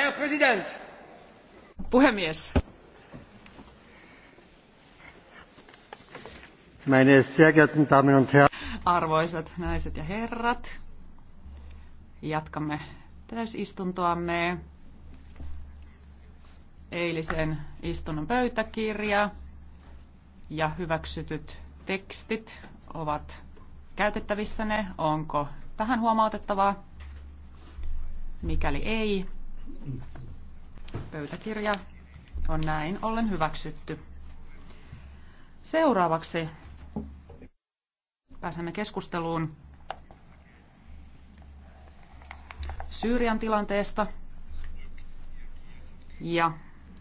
arvoisa Puhemies. Arvoisat naiset ja herrat, jatkamme täysistuntoamme. Eilisen istunnon pöytäkirja ja hyväksytyt tekstit ovat käytettävissänne. Onko tähän huomautettavaa? Mikäli ei, Pöytäkirja on näin ollen hyväksytty. Seuraavaksi pääsemme keskusteluun Syyrian tilanteesta ja